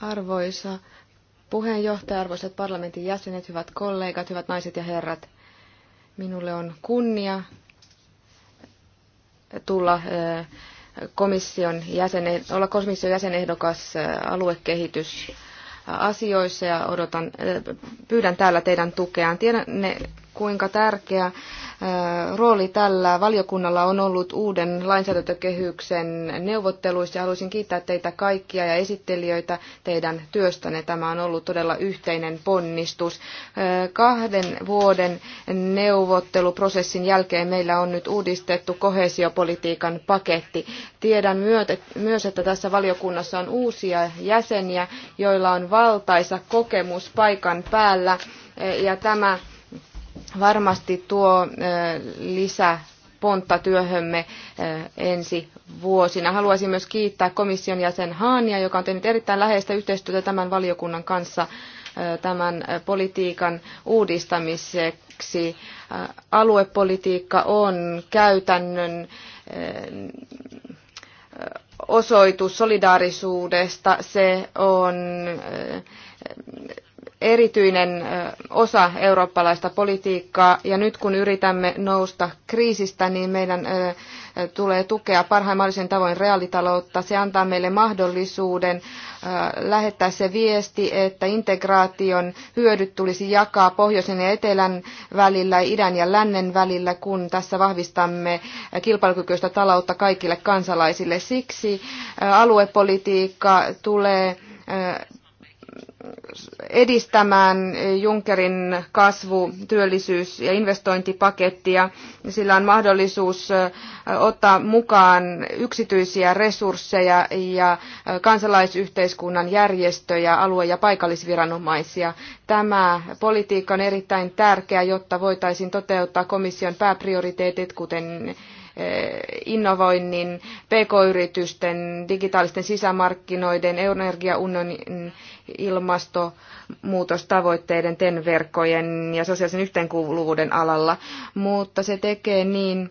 Arvoisa puheenjohtaja, arvoisat parlamentin jäsenet, hyvät kollegat, hyvät naiset ja herrat. Minulle on kunnia tulla komission jäsene, olla komission jäsenehdokas aluekehitys asioissa ja odotan, pyydän täällä teidän tukeaan. Tiedän ne kuinka tärkeä rooli tällä valiokunnalla on ollut uuden lainsäädäntökehyksen neuvotteluissa. Haluaisin kiittää teitä kaikkia ja esittelijöitä teidän työstänne. Tämä on ollut todella yhteinen ponnistus. Kahden vuoden neuvotteluprosessin jälkeen meillä on nyt uudistettu kohesiopolitiikan paketti. Tiedän myös, että tässä valiokunnassa on uusia jäseniä, joilla on valtaisa kokemus paikan päällä ja tämä varmasti tuo lisä pontta työhömme ensi vuosina. Haluaisin myös kiittää komission jäsen Haania, joka on tehnyt erittäin läheistä yhteistyötä tämän valiokunnan kanssa tämän politiikan uudistamiseksi. Aluepolitiikka on käytännön osoitus solidaarisuudesta. Se on erityinen osa eurooppalaista politiikkaa ja nyt kun yritämme nousta kriisistä, niin meidän tulee tukea parhaimmallisen tavoin reaalitaloutta. Se antaa meille mahdollisuuden lähettää se viesti, että integraation hyödyt tulisi jakaa pohjoisen ja etelän välillä, idän ja lännen välillä, kun tässä vahvistamme kilpailukykyistä taloutta kaikille kansalaisille. Siksi aluepolitiikka tulee edistämään Junckerin kasvu-, työllisyys- ja investointipakettia. Sillä on mahdollisuus ottaa mukaan yksityisiä resursseja ja kansalaisyhteiskunnan järjestöjä, alue- ja paikallisviranomaisia. Tämä politiikka on erittäin tärkeä, jotta voitaisiin toteuttaa komission pääprioriteetit, kuten Eh, innovoinnin, pk-yritysten, digitaalisten sisämarkkinoiden, energiaunionin ilmastonmuutostavoitteiden, TEN-verkkojen ja sosiaalisen yhteenkuuluvuuden alalla, mutta se tekee niin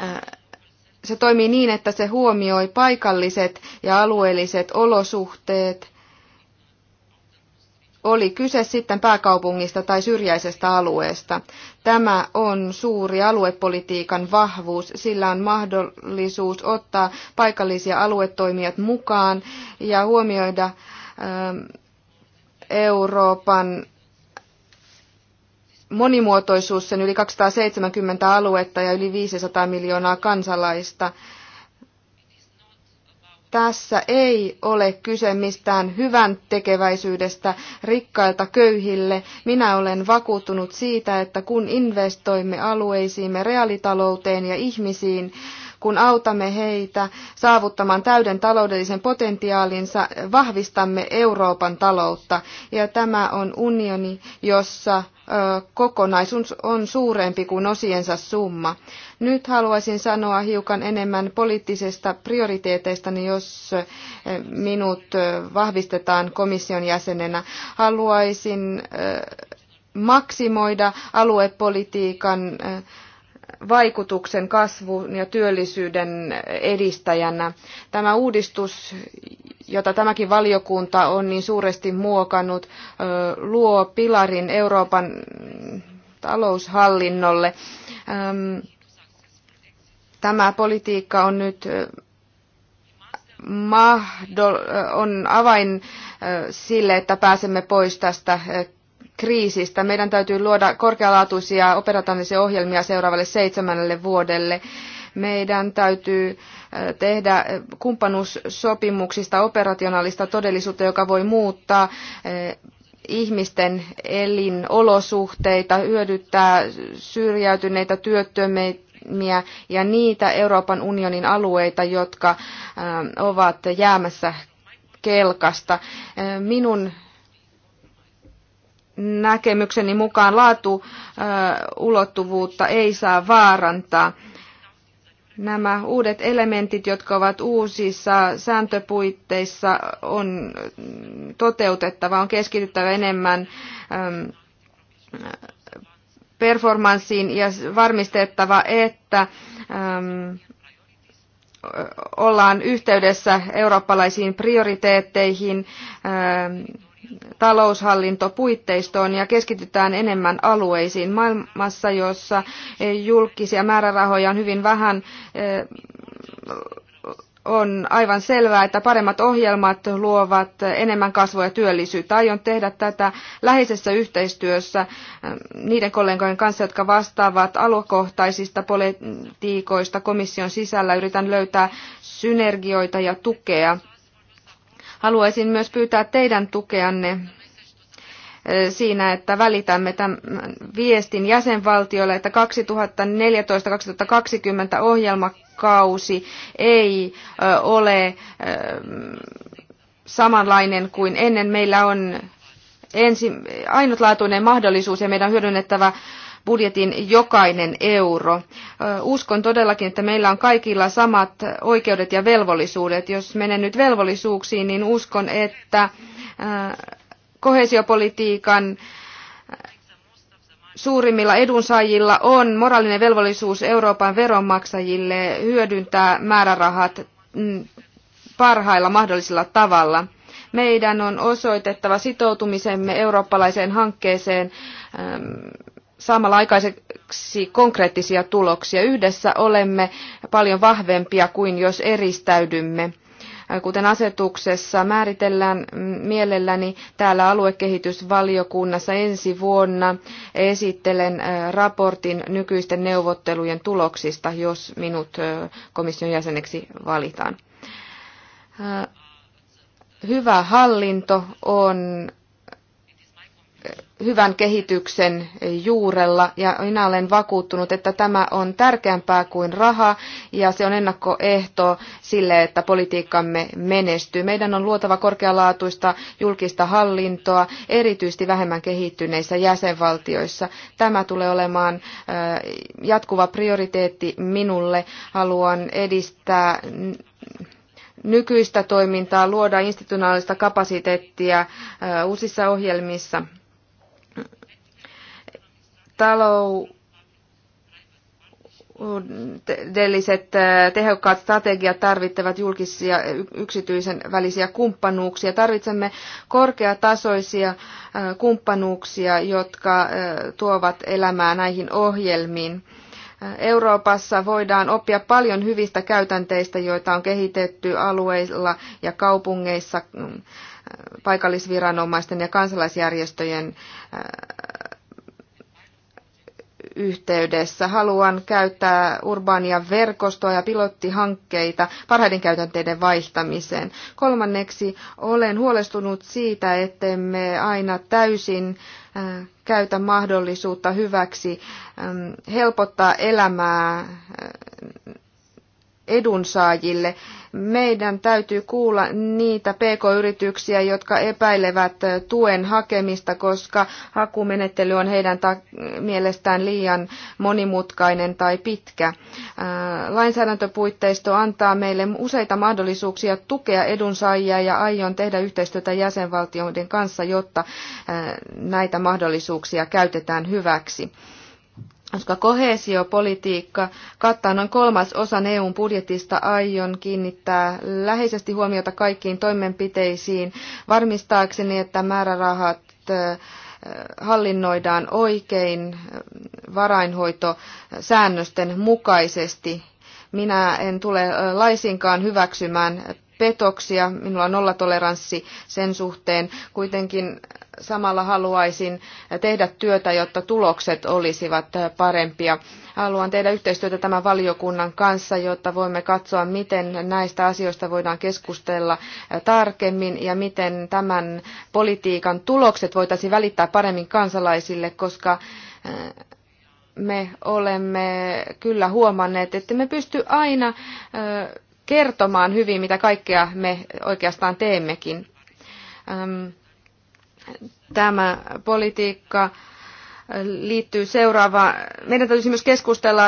eh, se toimii niin, että se huomioi paikalliset ja alueelliset olosuhteet, oli kyse sitten pääkaupungista tai syrjäisestä alueesta. Tämä on suuri aluepolitiikan vahvuus. Sillä on mahdollisuus ottaa paikallisia aluetoimijat mukaan ja huomioida ähm, Euroopan monimuotoisuus, sen yli 270 aluetta ja yli 500 miljoonaa kansalaista – tässä ei ole kyse mistään hyvän tekeväisyydestä rikkailta köyhille. Minä olen vakuuttunut siitä, että kun investoimme alueisiimme, reaalitalouteen ja ihmisiin, kun autamme heitä saavuttamaan täyden taloudellisen potentiaalinsa, vahvistamme Euroopan taloutta. Ja tämä on unioni, jossa kokonaisuus on suurempi kuin osiensa summa. Nyt haluaisin sanoa hiukan enemmän poliittisista prioriteeteista, niin jos minut vahvistetaan komission jäsenenä. Haluaisin maksimoida aluepolitiikan vaikutuksen kasvun ja työllisyyden edistäjänä. Tämä uudistus, jota tämäkin valiokunta on niin suuresti muokannut, luo pilarin Euroopan taloushallinnolle. Tämä politiikka on nyt on avain sille, että pääsemme pois tästä kriisistä. Meidän täytyy luoda korkealaatuisia operatiivisia ohjelmia seuraavalle seitsemännelle vuodelle. Meidän täytyy äh, tehdä kumppanuussopimuksista operationaalista todellisuutta, joka voi muuttaa äh, ihmisten elinolosuhteita, hyödyttää syrjäytyneitä työttömiä ja niitä Euroopan unionin alueita, jotka äh, ovat jäämässä kelkasta. Minun näkemykseni mukaan laatuulottuvuutta ei saa vaarantaa nämä uudet elementit, jotka ovat uusissa sääntöpuitteissa, on toteutettava, on keskityttävä enemmän ähm, performanssiin ja varmistettava, että ähm, ollaan yhteydessä eurooppalaisiin prioriteetteihin, ähm, taloushallintopuitteistoon ja keskitytään enemmän alueisiin. Maailmassa, jossa eh, julkisia määrärahoja on hyvin vähän, eh, on aivan selvää, että paremmat ohjelmat luovat enemmän kasvua ja työllisyyttä. Aion tehdä tätä läheisessä yhteistyössä eh, niiden kollegojen kanssa, jotka vastaavat aluekohtaisista politiikoista komission sisällä. Yritän löytää synergioita ja tukea Haluaisin myös pyytää teidän tukeanne siinä, että välitämme tämän viestin jäsenvaltioille, että 2014-2020 ohjelmakausi ei ole samanlainen kuin ennen. Meillä on ensi, ainutlaatuinen mahdollisuus ja meidän on hyödynnettävä budjetin jokainen euro. Uskon todellakin, että meillä on kaikilla samat oikeudet ja velvollisuudet. Jos menen nyt velvollisuuksiin, niin uskon, että kohesiopolitiikan suurimmilla edunsaajilla on moraalinen velvollisuus Euroopan veronmaksajille hyödyntää määrärahat mm, parhailla mahdollisilla tavalla. Meidän on osoitettava sitoutumisemme eurooppalaiseen hankkeeseen saamalla aikaiseksi konkreettisia tuloksia. Yhdessä olemme paljon vahvempia kuin jos eristäydymme. Kuten asetuksessa määritellään mm, mielelläni täällä aluekehitysvaliokunnassa ensi vuonna esittelen äh, raportin nykyisten neuvottelujen tuloksista, jos minut äh, komission jäseneksi valitaan. Äh, hyvä hallinto on hyvän kehityksen juurella ja minä olen vakuuttunut, että tämä on tärkeämpää kuin raha ja se on ennakkoehto sille, että politiikkamme menestyy. Meidän on luotava korkealaatuista julkista hallintoa, erityisesti vähemmän kehittyneissä jäsenvaltioissa. Tämä tulee olemaan äh, jatkuva prioriteetti minulle. Haluan edistää nykyistä toimintaa, luoda institutionaalista kapasiteettia äh, uusissa ohjelmissa – taloudelliset äh, tehokkaat strategiat tarvittavat julkisia yksityisen välisiä kumppanuuksia. Tarvitsemme korkeatasoisia äh, kumppanuuksia, jotka äh, tuovat elämää näihin ohjelmiin. Euroopassa voidaan oppia paljon hyvistä käytänteistä, joita on kehitetty alueilla ja kaupungeissa mm, paikallisviranomaisten ja kansalaisjärjestöjen yhteydessä. Haluan käyttää urbaania verkostoa ja pilottihankkeita parhaiden käytänteiden vaihtamiseen. Kolmanneksi olen huolestunut siitä, ettemme aina täysin äh, käytä mahdollisuutta hyväksi ähm, helpottaa elämää äh, edunsaajille. Meidän täytyy kuulla niitä pk-yrityksiä, jotka epäilevät tuen hakemista, koska hakumenettely on heidän mielestään liian monimutkainen tai pitkä. Lainsäädäntöpuitteisto antaa meille useita mahdollisuuksia tukea edunsaajia ja aion tehdä yhteistyötä jäsenvaltioiden kanssa, jotta näitä mahdollisuuksia käytetään hyväksi koska kohesiopolitiikka kattaa noin kolmas osan EUn budjetista, aion kiinnittää läheisesti huomiota kaikkiin toimenpiteisiin varmistaakseni, että määrärahat hallinnoidaan oikein varainhoitosäännösten mukaisesti. Minä en tule laisinkaan hyväksymään petoksia, minulla on nollatoleranssi sen suhteen. Kuitenkin samalla haluaisin tehdä työtä, jotta tulokset olisivat parempia. Haluan tehdä yhteistyötä tämän valiokunnan kanssa, jotta voimme katsoa, miten näistä asioista voidaan keskustella tarkemmin ja miten tämän politiikan tulokset voitaisiin välittää paremmin kansalaisille, koska eh, me olemme kyllä huomanneet, että me pysty aina eh, kertomaan hyvin, mitä kaikkea me oikeastaan teemmekin. Ehm, tämä politiikka liittyy seuraavaan. Meidän täytyisi myös keskustella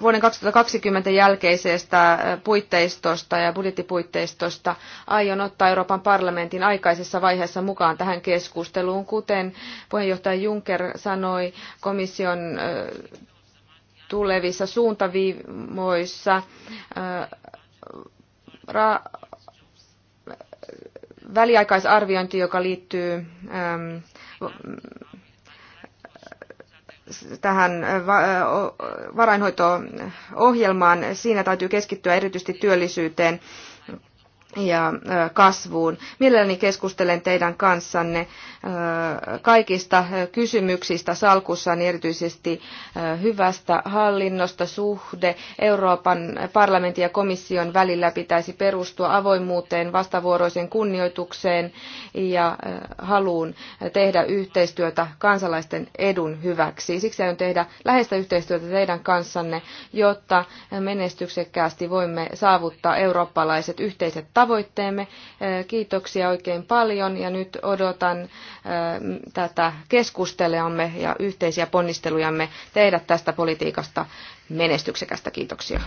vuoden 2020 jälkeisestä puitteistosta ja budjettipuitteistosta. Aion ottaa Euroopan parlamentin aikaisessa vaiheessa mukaan tähän keskusteluun, kuten puheenjohtaja Juncker sanoi komission tulevissa suuntaviimoissa väliaikaisarviointi, joka liittyy ähm, tähän äh, varainhoito-ohjelmaan. Siinä täytyy keskittyä erityisesti työllisyyteen ja kasvuun. Mielelläni keskustelen teidän kanssanne kaikista kysymyksistä salkussaan, erityisesti hyvästä hallinnosta, suhde Euroopan parlamentin ja komission välillä pitäisi perustua avoimuuteen, vastavuoroiseen kunnioitukseen ja haluun tehdä yhteistyötä kansalaisten edun hyväksi. Siksi aion tehdä läheistä yhteistyötä teidän kanssanne, jotta menestyksekkäästi voimme saavuttaa eurooppalaiset yhteiset tavoitteet tavoitteemme. Kiitoksia oikein paljon ja nyt odotan tätä keskusteleamme ja yhteisiä ponnistelujamme tehdä tästä politiikasta menestyksekästä. Kiitoksia.